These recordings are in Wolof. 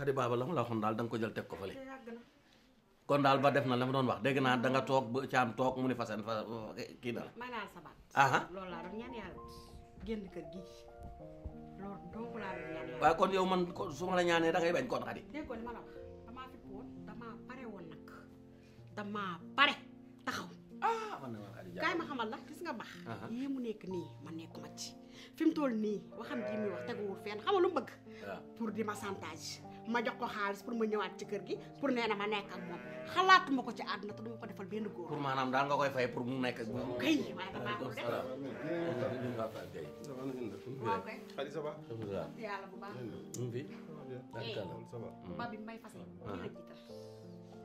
xadi daal da ko jël teg kon daal ba def na la mu doon wax dégg naa danga toog ba caam toog mu ni fasen fa kii na la waaye kon yow man su ma la ñaanee da bañ kon xadi dégg ah, ma xamal la gis nga baax yii mu nekk nii man nekkuma ci fi mu toll nii waxam ji muy wax teguwul fenn xam nga lu mu di ma chantage ma jox ko xaalis pour ma ñëwaat ci kër gi pour nee na ma nekk ak moom xalaatuma ko ci àdduna te duma ko defal benn góor. pour maanaam daal nga koy fay pour mu nekk ak moom. kay waaye damaa ko def. waaw kay. Aliou ça va. yàlla bu baax. mu ngi fi. d'accord ça va. ba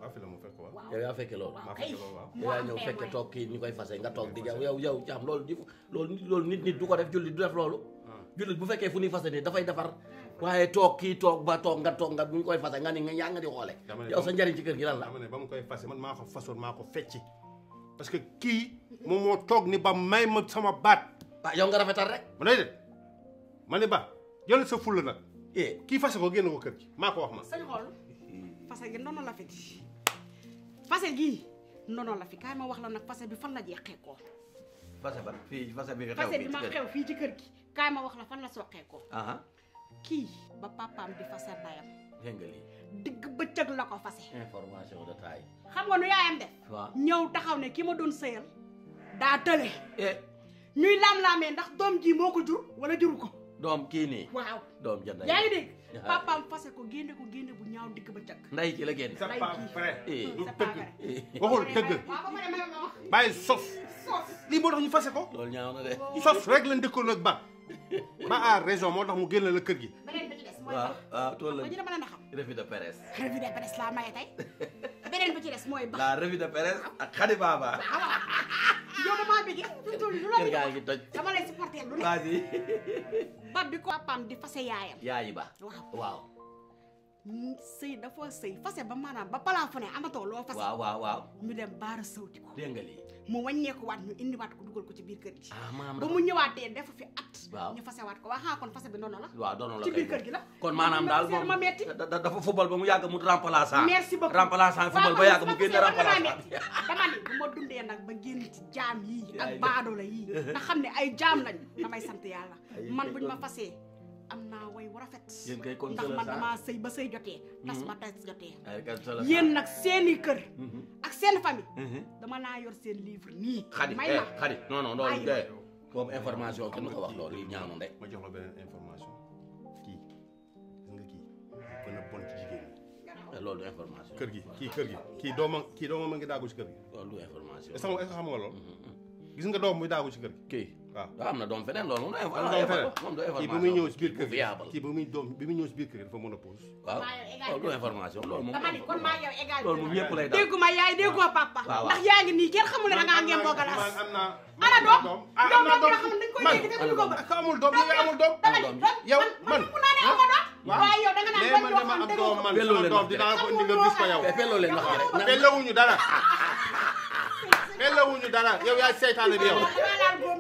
affilé mu fekk waaw. yow yaa yow yaa ñëw fekke toog kii ñu koy fase nga toog di yow yow yow caam loolu nit nit du ko def jullit du def loolu. Ah. jullit bu fekkee fu ñuy fase nii dafay defar waaye toog kii toog ba toog nga toog nga bu ñu koy fase nga ni nga yaa nga di xoole. yow sa njëriñ ci kër gi lan la. ba mu koy fase man maa ko fasoon maa ko fecci parce que kii moom moo toog ni ba may ma sama baat. waaw yow nga rafetal rek. ma doy de ma ne ba jël sa fulla nag. Eh. kii fase ko génn ko kër gi maa ko wax ma. sëñ xool fase gii nono la fi kaay ma wax la nag fase bi fan la jeexee ko. fase ba fii fase bi xew fase ma xew fii ci kër gi kaay ma wax la fan la soqee ko. kii ba papaam bi fase ndayam. dégg nga lii. digg bëccëg la ko fase. information de xam nga nu yaayam def. waaw ñëw taxaw ne ki ma doon sëyal. daa tële. Eh. ñuy laam-laamee ndax doom ji moo ko jur wala juru ko. doom kii nii. waaw doom jënd yaa ngi dégg. papaam fase ko génne ko génne bu ñaaw dikk ba càkk. nday ki la génne. sa paa pare du tëgg waxul dëgg. sos. lii moo tax ñu fase ko. loolu ñaaw na de. sos rek la dëkkoon ak ba. ba à raison moo tax mu génne la kër gi. beneen bi ci des mooy. waaw waaw tool la de presse. revue de presse laa maye tey beneen bi ci des mooy. ba la revue de presse ak Khady Baba. Ah. tollu du loolu gaa ngi toj dama lay supporter lu ne. vas-y. bab bi di fase yaayam. yaayi ba waaw. sëy dafa sëy fase ba maanaam ba palaa fu ne amatoo loo fase waaw waaw waaw ñu dem baara sawti ko dégg mu wàññeeku waat ñu indiwaat ko dugal ci biir kër gi ah, ba mu ñëwaatee def fi at waaw ñu fase waat ko waa xaa kon fase bi noonu la waaw noonu la ci biir kër gi la kon ba mu yàgg mu remplaçant ba yàgg mu ma dundee nag ba génn ci jaam yii ak baadoola yii nga xam ne ay jaam lañ damay sant yàlla man buñ ma fasee am naa way wu rafet ndax man damaa sëy ba sëy jotee mm-hmm. tas ba tas nag seeni kër mm-hmm. ak seen famille mm-hmm. dama naa yor seen livre nii xadi may eh, ma xadi information ma jox la beneen information kii gis nga kii gën bon ci jigéen ñi eh, loolu information kër gi kii kër gi kii doomam kii doomam a ngi daagu ci kër gi loolu du information nga loolu gis nga doom muy daagu ci kër gi waaw waaw am na doom feneen loolu moom. am na doom feneen moom du information bi muy ñëw si biir kër gi kii bi muy doom bi muy ñëw si biir kër gi dafa ménopause. waaw loolu du information loolu moom. dama ni kon maa yow égal loolu moom ñëpp lay daal dégguma yaay déggoo papa. ndax yaa ngi nii kenn xamul ne da ngaa ngeen boo galas. ana doom doom doom bi nga xam ne dañ koy dégg te duñu ko bëgg. amul doom yow amul doom. yow man waaye yow da nga naan ban doom am dégg nga ko. pelloo leen wax dëgg rek pelloo leen wax dëgg rek. pelloo leen wax dëgg rek. melawuñu dara yow yaay seytaane bi yow.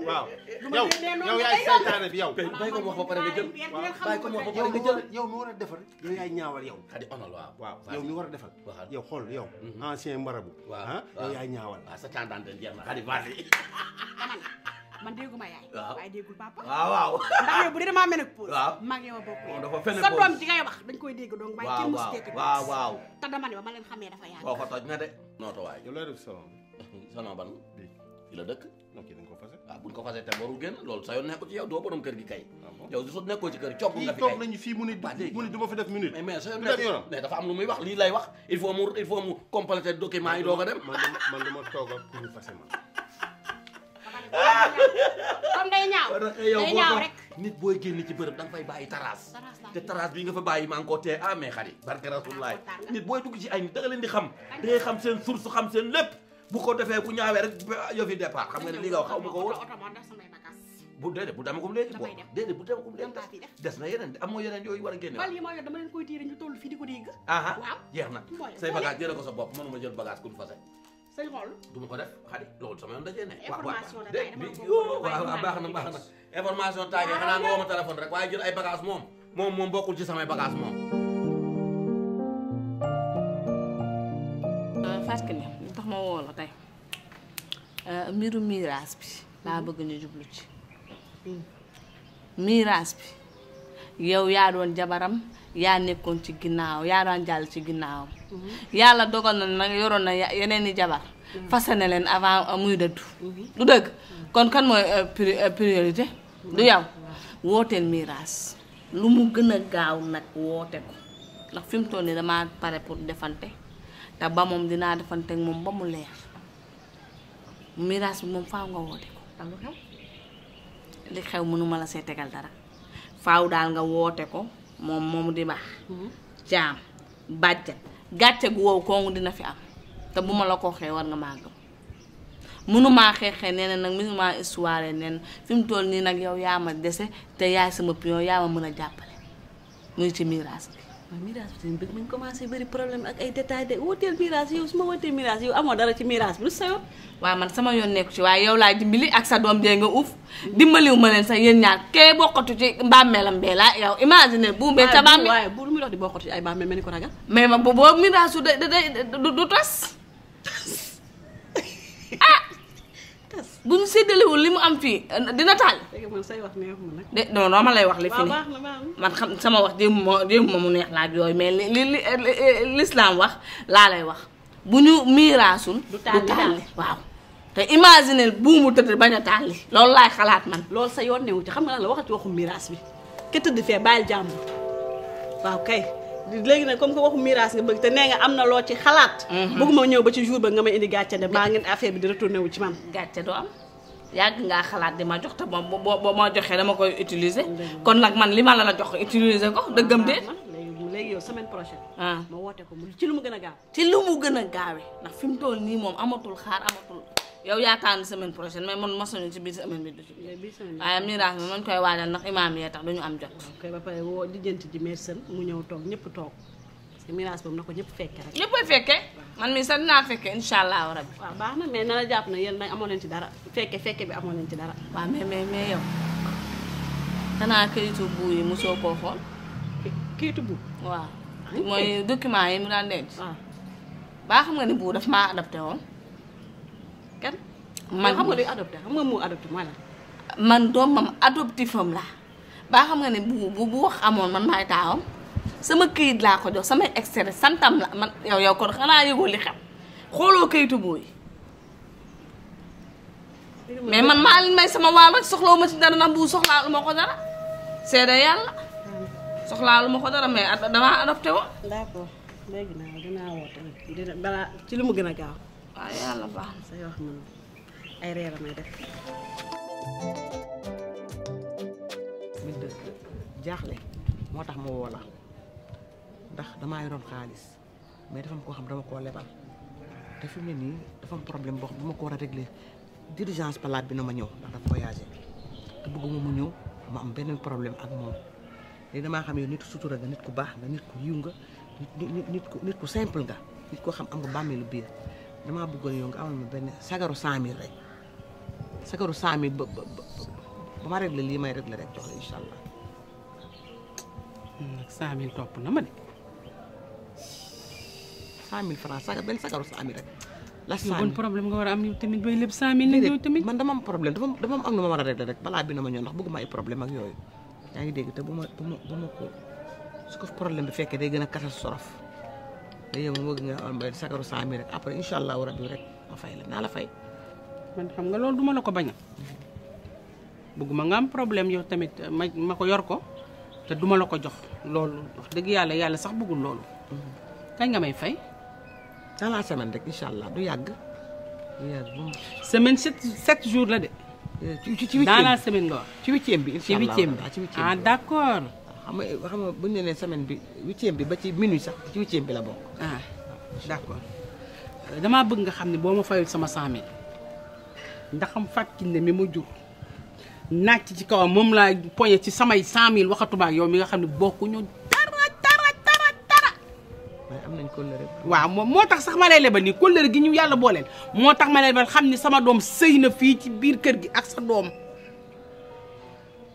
waaw yow yow yaay seytaane bi yow. bàyyi ko mu wax ba pare nga jël bàyyi ko mu wax ba pare nga jël yow mi war a defar yow yaay ñaawal yow. xadi onol waaw waaw yow mi war a defar. yow xool yow. Mhm. ancien marabu. Ah, waaw yow yaay ñaawal. waaw sa tàndante jeex na xadi baasi. man dégguma yaay. waaw waaye déggul papa. waaw waaw. ndax yow bu dee damaa mel ne pause. waaw mag yow a bokk. dafa fenn pause sa doom ji ngay wax dañ koy dégg donc. waaw waaw waaye kenn musu dégg. waaw waaw te dama ne ba ma leen xamee dafa yàgg. koo ko toj na de. noota waay yow looy def soxna ban bi fii la dëkk donc dañ ko ah, ko fase te warul génn loolu sa yoon nekku kër gi kay ah yow nekkoo ci kër copp nga fii mu ne mu ne def minute mais sa yoon nekk wax lii wax il faut mu il faut mu compléter document yi doo ko dem man dama toog ak pour ñu fase man comme day ñaaw eh, nit booy génn ci bërëb da nga fay bàyyi taraas te taraas bi nga fa bàyyi maa ngi koo te ah mais xar yi barke nit booy dugg ci ay nit da leen di xam da xam seen source xam seen lépp bu ko defee bu ñaawee rek yow fi départ xam nga ne li nga xaw ma ko woon bu déedéet bu dama ko léegi bo bu dama ko léegi des na yeneen am moo yeneen yooyu war a génne bal yi ma yor dama leen koy tiire ñu toll ah ah, ko sa bopp mënuma jël bagage ku ñu fase say xool ma ko def xadi loolu sama yoon dajee ne baax na baax na information taage ah, xanaa nga woo ma téléphone rek ay bagage moom moom moom bokkul ci samay bagage moom ma woo la tey euh, mbiru miraas bi laa bëgg ñu jublu ci miraas bi yow yaa doon jabaram yaa nekkoon ci ginnaaw yaa daan jàll ci ginnaawam yàlla dogal na na yoroon na yeneen i jabar fase ne leen avant muy dëddu du dëgg kon kan mooy euh, euh, priorité du yow wooteel miraas lu mu gën a gaaw nag woote ko ndax fi mu toll nii damaa pare pour defante te ba moom dinaa defanteeg moom ba mu leer miraas bi moom faaw nga woote ko li xew mënuma la see tegal dara faaw daal nga woote ko moom moomu di baax mhm. jaam bàjjat gàcce gu wow kooku dina fi am te bu ma la ko xee war nga maa gëm mënumaa xeexee nee nag mënumaa histoire neen fi mu toll nii nag yow yaa ma dese te yaay sama pion yaa ma mën a jàppale muy ci miraas bi waaw mirage bi seen bëgg nañ commencé bëri problème ak ay détails de wooteel mirage yow su ma wootee mirage yow amoo dara ci mirage bi lu sa yoon waaw man sama yoon nekku ci waaye yow laa dimbali ak sa doom jee nga uuf dimbaliwu ma leen sax yéen ñaar kee bokkatu ci mbàmmeelam bee laa yow imagine bu mbee ca bàmmeel waaye mel ni ko ragal mais ma bu boo mirage su da da du tas bu mu séddalewul li mu am fii dina taal. say wax de non non ma lay wax li fi ne man xam sama wax démb moo démb ma mu neex laaj yooyu mais li li l'islam wax laa lay wax bu ñu miiraasul. du taal waaw. te imaginer buumu tëdd bañ a taal li loolu laay xalaat man. loolu sa yoon newu ci xam nga lan la waxati waxu miraas bi ke tëdd fee bàyyil jàmbur waaw kay. léegi nag comme que waxu miraas nga bëgg te nee nga am na loo ci xalaat. Mhm. bëgguma ñëw ba ci jour ba nga may indi gàcce de baa ngeen affaire bi di retourné wu ci man. gàcce doo am yàgg ngaa xalaat di ma jox te moom boo boo ma joxee dama koy utiliser. kon nag man li ma la la jox utiliser ko dëggam ah, déet. Ah, ah, léegi yow semaine prochaine. ma woote ko ci lu mu gën a gaaw. ci lu mu gën a gaawee ndax fi mu toll nii moom amatul xaar amatul. yow yaakaar na semaine prochaine mais man mos nañu ci biir semaine bi du ci waaye miraas bi man koy waajal ndax imaam yee tax duñu am jot. ok ba pare woo lijjanti ji médecin mu ñëw toog ñëpp toog parce miraas boobu na ko ñëpp fekke rek. ñëpp fekke man mii sax naa fekke incha allah rabi. waaw baax na mais na la jàpp na yéen nag amoo dara fekke fekke amoo leen ci dara. waaw mais mais mais xanaa këyitu bu yi mosoo koo xool. këyitu bu. waaw ah, mooy document yi mu daan denc. waaw ah. baa xam nga ni bu daf maa adapté woon. kan man xam nga luy adopté xam nga mu adopté mooy lan man doomam adoptif am laa baa xam nga ne bu bu wax amoon man maay taawam sama këyit laa ko jox samay extrait santam la man yow yow kon xanaa yëgoo li xam xooloo këyitu booy mais man maa leen may sama waal rek ma ci dara ndax bu soxlaalu ma ko dara seede yàlla soxlaalu ma ko dara mais damaa adopté woon d'accord ci lu mu gën a gaaw waaw yàlla baax na. sa yoo xam ne ay reer may def. moo tax ma woo ndax damaa yoroon xaalis mais dafa koo xam dama koo lebal te fi mu ne nii dafa problème boo xam bu ma ko war a régler d'urgence palaat bi na ma ñëw ndax dafa voyagé te bëgguma mu ñëw ma am beneen problème ak moom léegi damaa xam yow nit ku sutura nga nit ku baax nga nit ku yiw nga nit nit ku nit ku simple nga nit koo xam am nga bàmmeelu biir. damaa bëggoon yow nga amal ma benn sagaru cent mille rek sagaru cent mille lii may réglé rek jox la incha allah. Hmm, nag cent topp na ma de. cent mille franc sagar benn sagaru cent mille la cent war tamit bay lépp cent man dama am problème dama dama am nu ma war a rek balaa bi na ma ñëw ndax bëgguma ay problème ak yooyu. yaa ngi dégg te ma bu ma bu ma ko su ko problème bi fekkee day gën a catastrophe. léegi moom bëgg nga am sakaru cent mille rek après incha allahu rabi rek ma fay la naa la fay. man xam nga loolu duma la ko bañ a nga am problème yow tamit ma ma ko yor ko te duma la ko jox loolu wax dëgg yàlla yàlla sax bëggul loolu. kañ nga may fay. dans la semaine rek incha allah du yàgg du yàgg semaine sept sept la de. Euh, ci la semaine nga wax. ci huitième bi incha allah ci huitième ah d' xam nga xam nga bu semaine bi huitième bi ba ci minuit sax ci huitième bi la bokk. ah damaa bëgg nga xam ne boo ma fayul sama cent mille ndax am fàcc ne mi ma jur naaj ci kawam moom laa poñe ci samay cent mille waxatuma ak yow mi nga xam ne bokkuñu dara dara dara dara. waaw moom moo tax sax ma lay lebal nii kóllëre gi ñu yàlla booleel moo tax ma lay lebal xam ni sama doom sëy na fii ci biir kër gi ak sa doom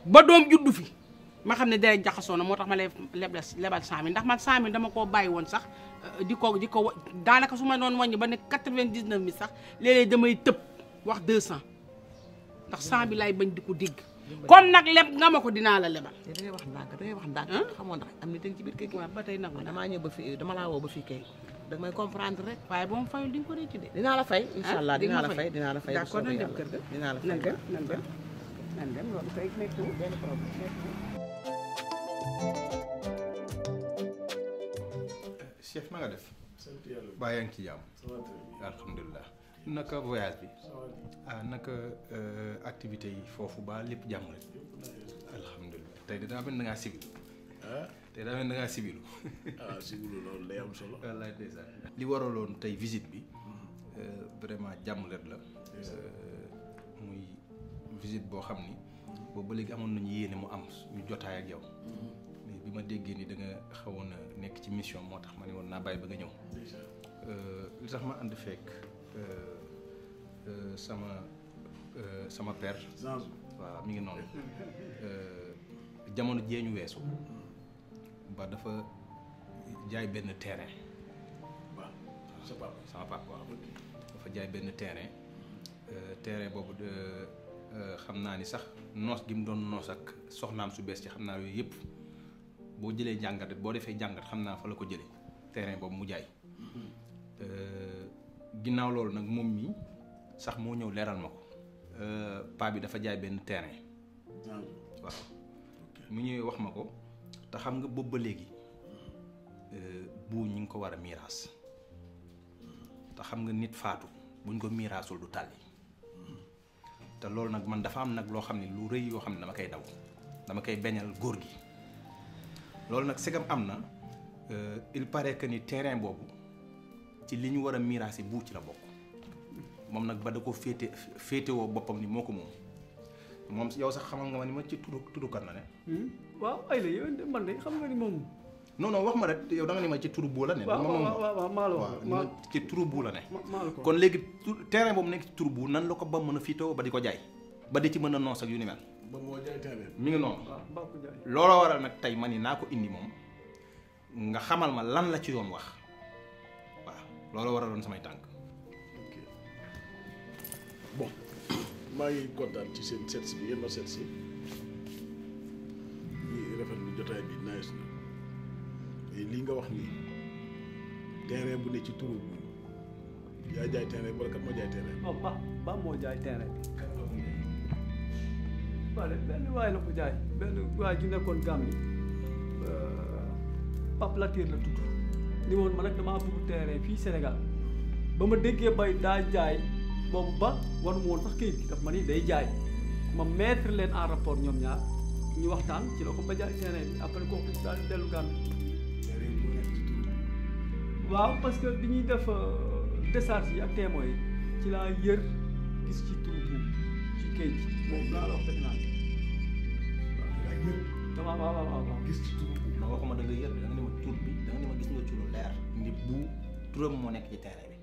ba doom juddu fi. ma xam ne deret jaxasoo na moo tax ma lay lebal lebal 100000 ndax man 100000 dama ko bàyyi woon sax euh, di ko di ko daanaka su ma doon wàññi ba ne mi sax léeg-léeg damay tëb wax 200 ndax 100 bi laay bañ di ku dégg. kon nag leb nga ma ko dinaa la lebal. te eh, da wax ndànk da ngay wax ndànk. xamoo ndax am na dégg ci biir tey nag damaa ba fi dama laa woo ba fii kay. damay comprendre rek waaye boo ma fayul di nga ko rëcc de. dinaa la fay incha dinaa la fay dinaa la fay. d'accord nañ dem kër ga dinaa la fay nan dem nan dem nan dem loolu kay nekk benn chef na nga def. sant yàlla ngi ci jàmm. alhamdulilah naka voyage bi. Ah, naka euh, activité yi foofu ba lépp jàmm rek. alhamdulilah tey daa mel ni da ngaa sibilu. tey daa mel ni da li waraloon tey visite bi. Hmm. Euh, vraiment jàmm rek la. Euh, muy visite boo xam ni. boobu ba léegi amoon nañu yéene mu am ñu jotaay ak yow. Mm-hmm. bi ma déggee ni da nga xawoon a nekk ci mission moo tax ma ne woon naa bàyyi ba nga ñëw. Euh, li tax ma ànd fekk euh, euh, sama sama père. waaw mi ngi noonu jamono jee weesu. Mm-hmm. ba dafa jaay benn terrain. waaw jaay benn terrain. Mm-hmm. terrain boobu Euh, xam naa ni sax noos gi mu doon noos ak soxnaam su bees ci xam naa yooyu yëpp boo jëlee jàngat boo defee jàngat xam naa fa la ko jële terrain boobu mu jaay mm-hmm. euh, ginnaaw loolu nag moom mii sax moo ñëw leeral ma ko euh, paa bi dafa jaay benn terrain ah. waaw mu ñëwee wax ma ko te xam nga boobu ba léegi bu ñu ngi ko war a miiraas mm-hmm. te xam nga nit faatu buñ ko miiraasul du tàlli te loolu nag man dafa am nag loo xam ne lu rëy yoo xam ne dama koy daw dama koy beñal góor gi loolu nag segam am na euh, il pare que ni terrain boobu ci li ñu war a miraas yi bu ci la bokk moom nag ba da ko féete féetewoo boppam ni moo ko moom moom yow sax xamal nga ma ni ma ci tudu tudukat na ne hmm? waaw ay la yow man de xam nga ni moom non wax ma rek yow da nga ne ma ci turu boo la ne. waaw waaw waaw ci turu boo la ne. kon léegi terrain boobu nekk ci turu bu nan la ko ba mën a fiitoo ba di ko jaay ba di ci mën a noos ak yu ni mel. ba moo jaay terrain ngi noonu. looloo waral nag tey ma ni naa ko indi moom nga xamal ma lan la ci yoon wax war a waraloon samay tànk. ok bon maa ci seen bi yéen ma seet si. lu jotaay lii nga wax nii terrain bu ne ci turu yaa jaay terrain wala kat moo jaay terrain. non oh, ba ba moo jaay terrain bi. wala benn waay la jaay benn waay ji nekkoon Gambie euh, Pape Latir la tudd ni woon ma nag damaa bëgg terrain fii Sénégal ba ma déggee bay daa jaay boobu ba waruma woon sax kayit gi daf ma ni day jaay ma mettre leen en rapport ñoom ñaar ñu waxtaan ci la ko ba jaay terrain bi après kooku daal dellu Gambie. waaw parce que bi ñuy def euh, décharge yi ak témoins yi ci laa yër gis ci tur buum ci géej moom laa la wax dëgg naa waaw waaw gis ci tur buum. non waxuma da yër da nga ma tur bi da nga ma gis nga ci leer. ni bu turam moo nekk ci terrain bi.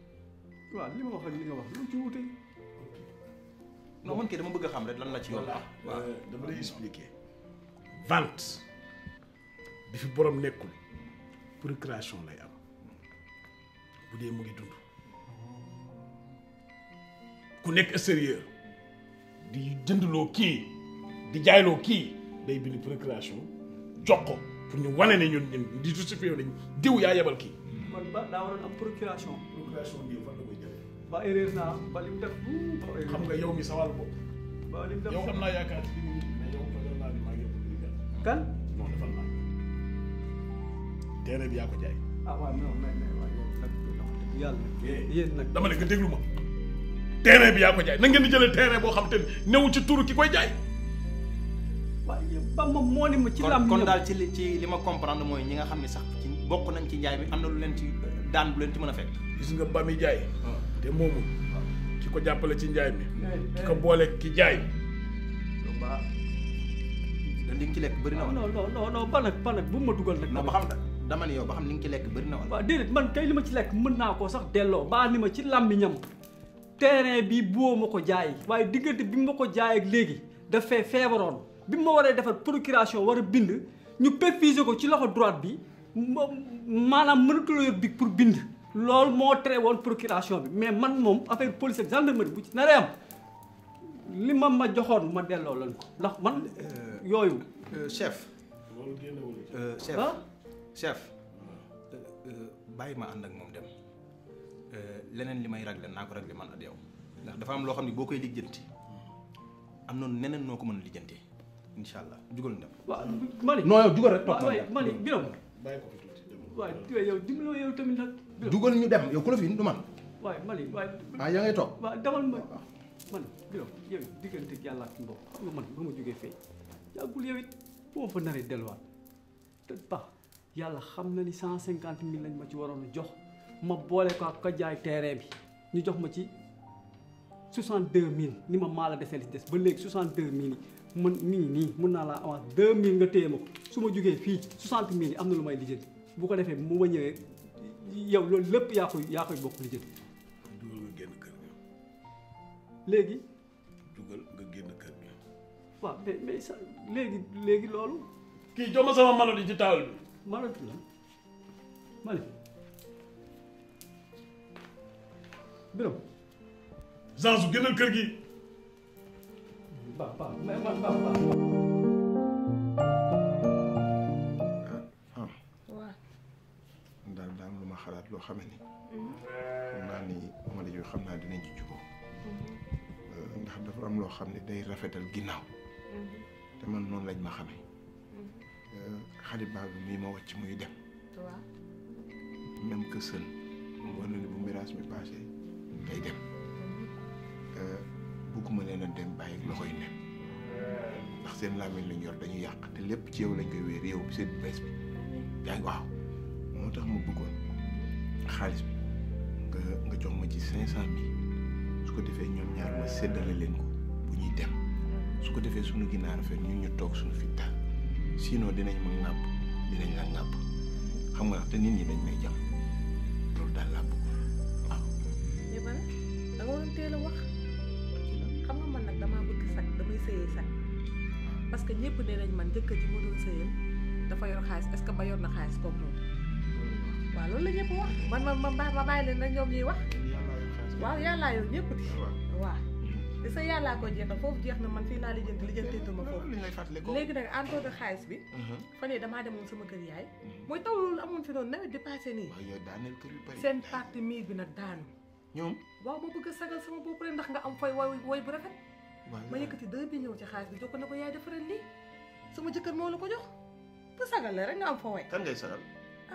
waaw li ma wax ak li nga wax lu ci wute. non man kay dama bëgg a xam rek lan la ci yoon la. waaw euh, dama lay expliquer. vente bi fi nekkul procuration lay am. bu dee mu dund ku nekk extérieur di jëndloo kii di jaayloo kii day bind procuration jox ko pour ñu wane ne ñun ñun di justifié nañ diw yaa yebal kii. ba daa waroon am procuration. procuration bi fan ba erreur naa ba xam nga yow mi sa wàll ba lim def kan non bi yaa ko jaay. Ah, yàlla eh, yéen nag dama ne nga déglu ma terrain bi yaa ko jaay na ngeen di jëlee terrain boo xam te newu ci turu ki koy jaay waaye Bamba moo ni ma ci lam kon daal ci li ci li ma comprendre mooy ñi nga xam ne sax bokk nañ ci njaay bi am na lu leen ci daan bu leen ci mën a fekk gis nga ba mi jaay ah. te moomu ah. ki ko jàppale ci njaay mi eh, eh. ki ko boole ki jaay ba li nga ci lekk bëri na ah, non non non ba nag ma dugal nag ba xam na dama ne yow ba xam ni nga ci lekk bëri na wala. waaw déedéet man kay li ma ci lekk mën naa koo sax delloo baa ni ma ci làmmiñam terrain bi boo ma ko jaay waaye diggante bi ma ko jaay ak léegi dafay feebaroon bi ma waree defar procuration war a bind ñu perfusé ko ci loxo droite bi maanaam mënatuloo yor bi pour bind. loolu moo tere woon procuration bi mais man moom affaire police ak gendarmerie bu ci naree am ma ma joxoon ma delloo leen ko ndax man. Euh, yooyu. Euh, chef. Euh, chef. Ah? chef euh, euh, bàyyi ma ànd ak moom dem euh, leneen li may régler naa ko régler man ak yow ndax dafa am loo xam ne boo koy lijjanti am na neneen noo ko mën a lijjanti jugal dem. waaw Malick non yow jugal rek toog ma dem Malick Biram bàyyi ko fi tuuti ñu dem yow ku la fi du man. waaye Malick waaye. ah yaa ngay toog. waaw demal ma ah, ah. man Biram yow diggante yàlla ak xam nga man bu ma jógee fee yàggul yow fa naree delluwaat yàlla xam na ni cent cinquante mille lañ ma ci waroon jox ma boole ko ak ka jaay terrain bi ñu jox ma ci soixante deux mille ni ma maa la defee li des ba léegi soixante deux mille yi mën nii nii mën naa laa avance deux mille nga téye ma ko su ma jógee fii soixante mille am na lu may lijjanti bu ko defee mu ma ñëwee yow loolu lépp yaa koy bokk lijjanti. dugal nga génn léegi. dugal nga génn kër gi. waaw mais mais léegi léegi loolu. kii jox ma sama melo di ci taawul bi. Malutulun. Mali. Biram. Zanzu génnal kër gi. ba ba ba ba. Ah, ah. lu ma xalaat loo xam ni. Mm-hmm. xam naa ni Amady yooyu xam naa dinañ ci jubóo. Mm-hmm. Euh, ndax dafa am loo xam ne day rafetal ginnaaw. Mm-hmm. te man noonu lañ ma xamee. xalibaa bi mii ma wàcc muy dem. waaw. même que sën. war na ni bu miraas bi passé day dem. Euh, bugguma leen a dem bàyyi loxo yi nen. ndax seen làmmiñ lañ yor dañuy yàq te lépp ci yow lañ koy wéer yow bi seen bees bi. yaa waaw moo tax ma buggoon xaalis bi nga nga jox ma ci cinq cent mille su ko defee ñoom ñaar ma séddale leen ko bu ñuy dem su ko defee sunu ginaar rafet ñun ñu toog suñu fi taal. sinon dinañ ma nàpp dinañ la nàpp xam nga te nit ñi dañ may jam loolu daal laa bëgg waaw. mais man da nga a wax xam nga man nag damaa bëgg sax damay sëyee sax ah. parce que ñëpp nee nañ man jëkkër ji ma doon dafa yor xaalis est-ce que ba yor na xaalis comme moom loolu la ñëpp wax man ma ma bàyyi leen nag ñoom wax waaw yàllaa yor ñëpp di. Ah, te sa yàllaa ko jënd foofu jeex na man fii laa lijjanti lijjanteetu ma foofu léegi nag en tout cas xaalis bi mhm. fan yii damaa demoon sama kër yaay mhm. mooy taw loolu amoon fi noonu nawet di passé nii seen parti mii bi nag daanu ñoom waaw ma bëgg a sagal sama bopp rek ndax nga am fay woy woy bu rafet ma yëkkati deux millions ci xaalis bi jox ko ne ko yaay defaral lii sama jëkkër moo la ko jox te sagal la rek nga am fa way kan ngay sagal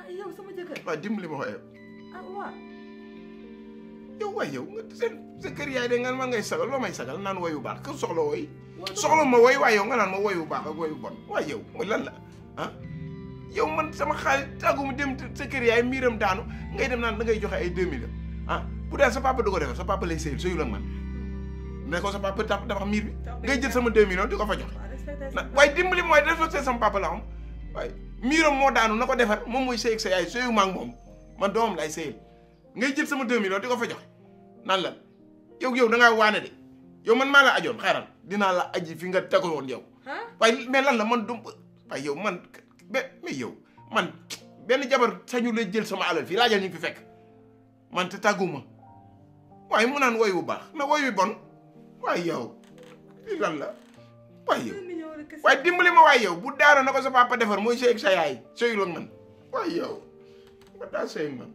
ah yow sama jëkkër waaw dimbali ma yow waay yow nga seen sa kër yaay de nga man ngay sagal loo may sagal naan woyu baax kër soxla woy soxla ma woy waaye yow nga naan ma woyu baax ak woyu bon waay yow lan la ah yow man sama xaalis tàgguma dem sa kër yaay miiram daanu ngay dem naan da ngay joxe ay deux mille ah bu dee sa papa du ko defar sa papa lay sëyul sëyul ak ko sa papa tax dafa miir bi ngay jël sama deux millions di ko fa joxe waaye dimbali mooy respecté sama papa la xam waaye miiram moo daanu na ko defar moom mooy sëy ak sa yaay sëyu ma ak moom man doomam lay sëyal ngay jël sama deux millions di ko fa joxe nan lan yow yow da ngaa waane yow man maa la ajoon xaaral dinaa la aji fi nga tegul woon yow. waaye mais lan la man du yow man mais yow benn jabar sañu lay jël sama alal fii laajal ñu fi fekk man te ma waaye mu naan woy wu baax na woy wi bon waaye yow li lan la waaye yow. waaye dimbali ma waaye yow bu daara na ko sa papa defar mooy sëy sa yaay sëyul ak man waaye yow man daa sëy ak man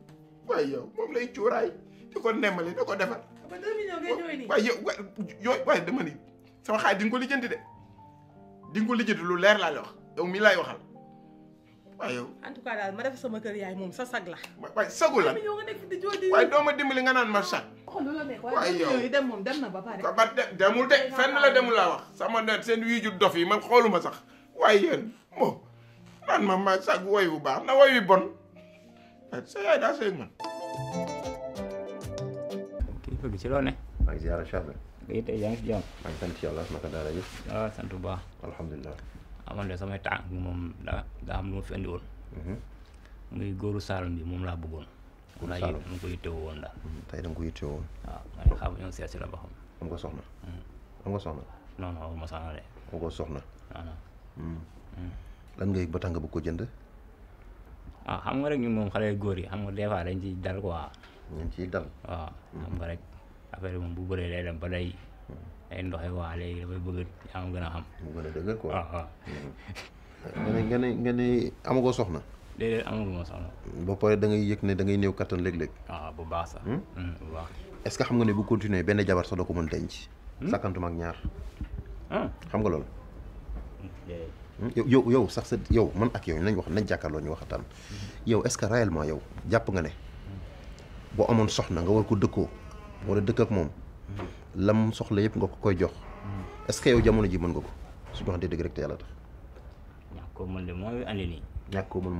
waaye yow moom lay cuuraay. du ko nemmali du ko defal. ba deux millions ngay waaye yooyu waaye dama ni sama xaalis di ko lijjanti de di nga ko lijjanti lu leer laa la wax yow mii laay waxal waaye yow. en tout cas daal ma def sa sag la. waaye sagu la waaye doo ma nga naan ma sag. waaye yow dem moom dem na ba pare. ba demul de fenn la demul laa wax sama net seen wiiju dof yi man xooluma sax waaye yéen moo naan ma ma sag woy wu baax na woy wi bon sa yaay daa sëy man papa bi ci loo ne. maa ngi ziar Cheikh bi. tey naka daara yi. waaw sant bu baax. alhamdulilah. amoon na samay tànk moom daa daa am lu ma woon. muy góoru Saalum bi moom laa bëggoon. góoru Saalum woon daal. tey da nga ko yittewoo woon. waaw maa xam ñoom seet si la ba xam. am nga soxna. am nga soxna. non non nga soxna. lan nga yëg ba tax nga ko jënd. ah rek ñun dal quoi. dañ ciy nga rek. affaire bu bëree lay dem ba day hmm. day ndoxe waa léegi dafay bëgg yaa ma gën a xam. mu gën a dëgër quoi waaw ah, ah. waaw. Hmm. nga ne nga ne nga ne amagoo soxna. léeg-léeg amaguma soxna. da ngay yëg ne da ngay néew kattan léeg-léeg. Ah, bu baax sax. Hmm? bu baax. ce que xam nga ne bu continuer benn jabar sax doo ko mën denc. sakkantuma ak ñaar. xam nga loolu. yow yow sax sa yow man ak yow nañ wax nañ jàkkaarloo ñu waxataan yow est-ce que réellement yow jàpp nga ne boo amoon soxna nga war ko dëkkoo wala dëkk ak moom lam soxla yëpp nga ko koy jox est-ce que yow jamono ji mën nga ko su wax dëgg rek te yàlla tax moo la andi nii ñàkk koo mën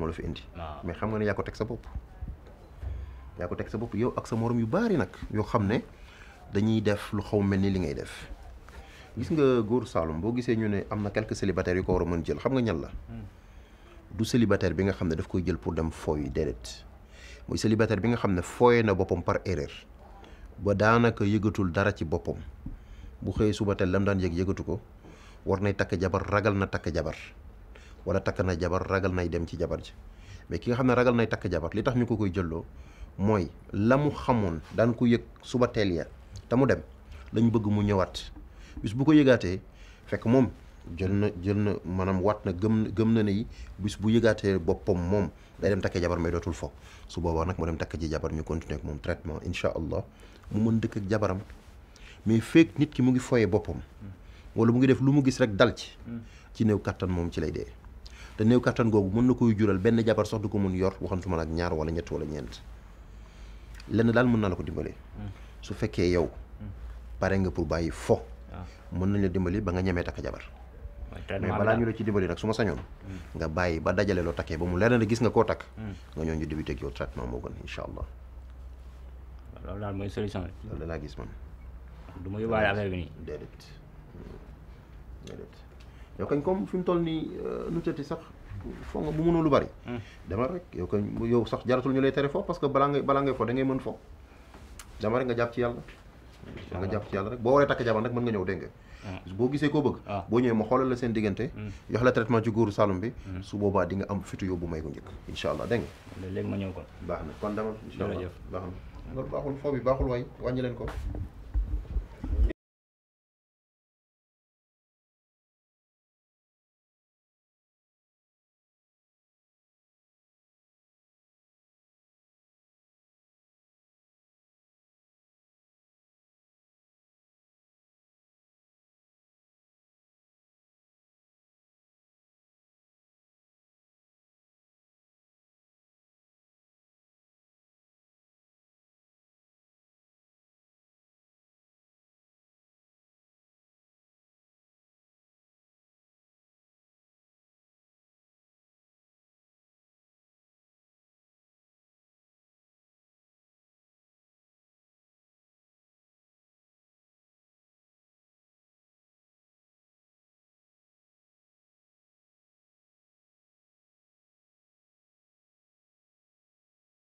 la mais xam nga ne yaa teg sa bopp yaa ko teg sa bopp yow ak sa morom yu baari nag yoo xam ne dañuy def lu xaw mel ni li ngay def gis nga góor Saloum boo gisee ñu ne am na quelques célibataires yu ko war a mën jël xam nga ñan la hmm. du célibataire bi nga xam ne daf koy jël pour dem fooy déedéet mooy célibataire bi nga xam ne fooyee na boppam par erreur ba daanaka yëgatul dara ci boppam bu xëyee suba teel lam daan yëg yëgatu ko war nay takk jabar ragal na takk jabar wala takk na jabar ragal nay dem ci jabar ji mais ki nga xam ne ragal nay takk jabar li tax ñu ko koy jëloo mooy la mu xamoon daan ko yëg suba teel ya te mu dem lañ bëgg mu ñëwaat bis bu ko yëgaatee fekk moom jël na jël na maanaam waat na gëm na gëm na ne bis bu yëgaatee boppam moom day dem takk jabar may dootul fo su boobaa nag moo dem takk ji jabar ñu continuer ak moom traitement incha allah mu mën dëkk ak jabaram mais fekk nit ki mu ngi foyee boppam wala mu ngi def lu mu gis rek dal ci ci néew kattan moom ci lay dee te néew kattan googu mën na koy jural benn jabar sax du ko mun yor waxantuma la ak ñaar wala ñett wala ñeent lenn daal mën naa la ko dimbale su fekkee yow mm. pare nga pour bàyyi fo ah. mën nañ la dimbali ba nga ñemee takk jabar mais balaa ñu la ci dimbali nag su ma sañoon hmm. nga bàyyi ba dajale loo takkee ba mu leer na gis nga koo takk hmm. nga ñëw ñu débuté ak yow traitement moo gën incha allah gis man du ma yóbbaale affaire bi nii déedéet hmm. déedéet yow kañ comme fi mu toll nii euh, nu tëtti sax foo nga bu mënoo lu bari dama rek yow kañ yow sax jaratul ñu lay tere foofu parce que balaa ngay balaa ngay fo da ngay mën fo dama rek nga jàpp ci yàlla nga jàpp ci yàlla rek boo waree takk jabar nag mën nga ñëw dégg nga boo gisee koo bëgg ah. boo ñëwee ma xoolal la seen diggante hmm. jox la traitement ci góoru Saloum bi hmm. su boobaa di nga am fitu yóbbu may ko njëkk incha allah dégg nga léegi ma ñëw kon baax na kon demal incha allah baax na loolu baaxul foo bi baaxul waay wàññi leen ko